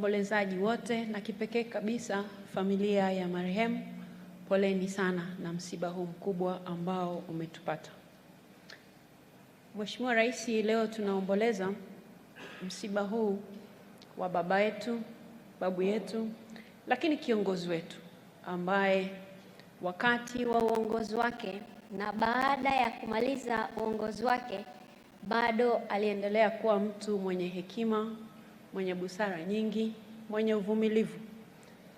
waombolezaji wote na kipekee kabisa familia ya marehemu, poleni sana na msiba huu mkubwa ambao umetupata. Mheshimiwa Rais, leo tunaomboleza msiba huu wa baba yetu, babu yetu, lakini kiongozi wetu ambaye wakati wa uongozi wake na baada ya kumaliza uongozi wake bado aliendelea kuwa mtu mwenye hekima mwenye busara nyingi, mwenye uvumilivu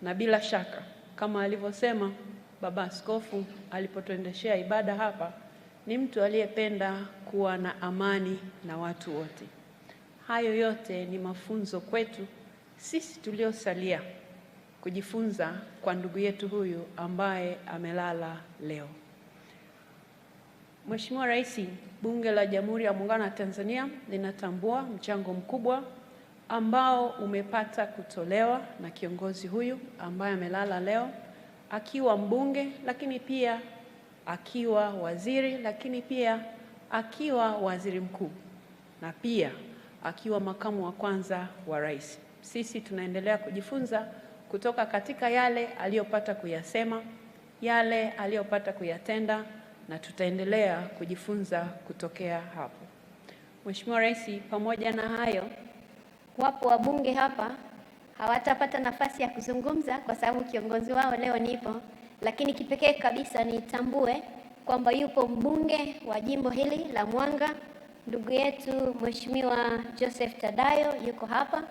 na bila shaka kama alivyosema baba askofu alipotuendeshea ibada hapa, ni mtu aliyependa kuwa na amani na watu wote. Hayo yote ni mafunzo kwetu sisi tuliosalia kujifunza kwa ndugu yetu huyu ambaye amelala leo. Mheshimiwa Rais, Bunge la Jamhuri ya Muungano wa Tanzania linatambua mchango mkubwa ambao umepata kutolewa na kiongozi huyu ambaye amelala leo akiwa mbunge, lakini pia akiwa waziri, lakini pia akiwa waziri mkuu na pia akiwa makamu wa kwanza wa rais. Sisi tunaendelea kujifunza kutoka katika yale aliyopata kuyasema, yale aliyopata kuyatenda na tutaendelea kujifunza kutokea hapo. Mheshimiwa Rais, pamoja na hayo wapo wabunge hapa hawatapata nafasi ya kuzungumza kwa sababu kiongozi wao leo nipo, lakini kipekee kabisa nitambue kwamba yupo mbunge wa jimbo hili la Mwanga, ndugu yetu Mheshimiwa Joseph Tadayo yuko hapa,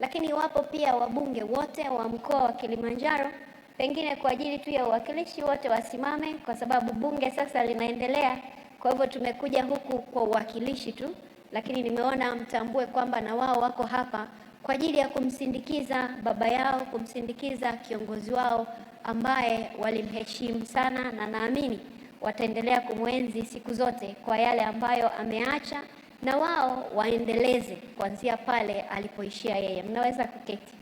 lakini wapo pia wabunge wote wa mkoa wa Kilimanjaro. Pengine kwa ajili tu ya uwakilishi wote wasimame, kwa sababu bunge sasa linaendelea. Kwa hivyo tumekuja huku kwa uwakilishi tu lakini nimeona mtambue kwamba na wao wako hapa kwa ajili ya kumsindikiza baba yao, kumsindikiza kiongozi wao ambaye walimheshimu sana, na naamini wataendelea kumwenzi siku zote kwa yale ambayo ameacha, na wao waendeleze kuanzia pale alipoishia yeye. Mnaweza kuketi.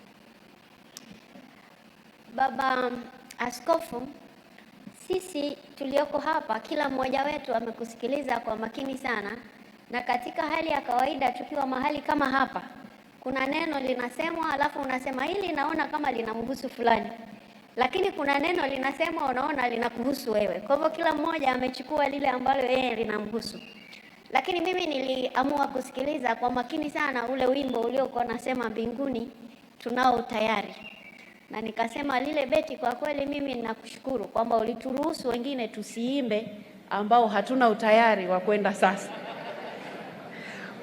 Baba Askofu, sisi tulioko hapa, kila mmoja wetu amekusikiliza kwa makini sana na katika hali ya kawaida, tukiwa mahali kama hapa, kuna neno linasemwa, alafu unasema hili naona kama linamhusu fulani, lakini kuna neno linasemwa unaona linakuhusu wewe. Kwa hivyo kila mmoja amechukua lile ambalo yeye linamhusu. Lakini mimi niliamua kusikiliza kwa makini sana ule wimbo uliokuwa nasema mbinguni tunao tayari, na nikasema lile beti, kwa kweli mimi ninakushukuru kwamba ulituruhusu wengine tusiimbe ambao hatuna utayari wa kwenda sasa.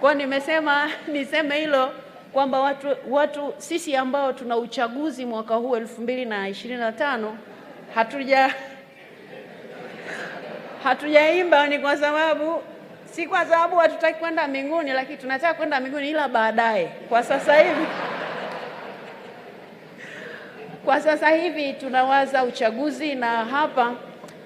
Kwa nimesema niseme hilo kwamba watu, watu sisi ambao tuna uchaguzi mwaka huu elfu mbili na ishirini na tano hatuja hatujaimba ni kwa sababu si kwa sababu hatutaki kwenda mbinguni, lakini tunataka kwenda mbinguni, ila baadaye. Kwa sasa hivi kwa sasa hivi tunawaza uchaguzi, na hapa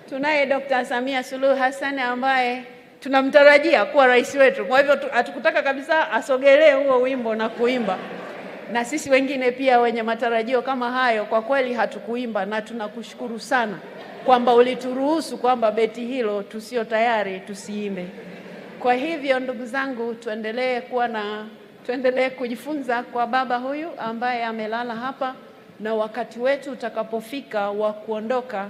tunaye Dr. Samia Suluhu Hassan ambaye tunamtarajia kuwa rais wetu. Kwa hivyo hatukutaka kabisa asogelee huo wimbo na kuimba, na sisi wengine pia wenye matarajio kama hayo, kwa kweli hatukuimba, na tunakushukuru sana kwamba ulituruhusu kwamba beti hilo tusio tayari tusiimbe. Kwa hivyo ndugu zangu, tuendelee kuwa na tuendelee kujifunza kwa baba huyu ambaye amelala hapa, na wakati wetu utakapofika wa kuondoka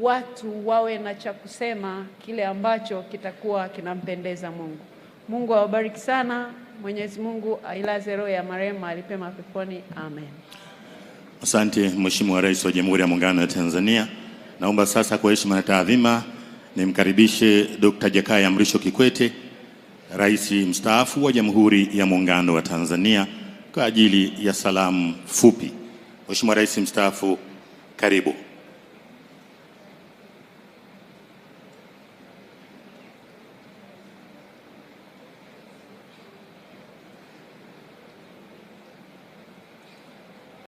watu wawe na cha kusema kile ambacho kitakuwa kinampendeza Mungu. Mungu awabariki sana. Mwenyezi Mungu ailaze roho ya marehemu alipema peponi. Amen. Asante Mheshimiwa Rais wa Jamhuri ya Muungano wa Tanzania. Naomba sasa kwa heshima na taadhima nimkaribishe Dr. Jakaya Mrisho Kikwete, Rais mstaafu wa Jamhuri ya Muungano wa Tanzania kwa ajili ya salamu fupi. Mheshimiwa Rais mstaafu, karibu.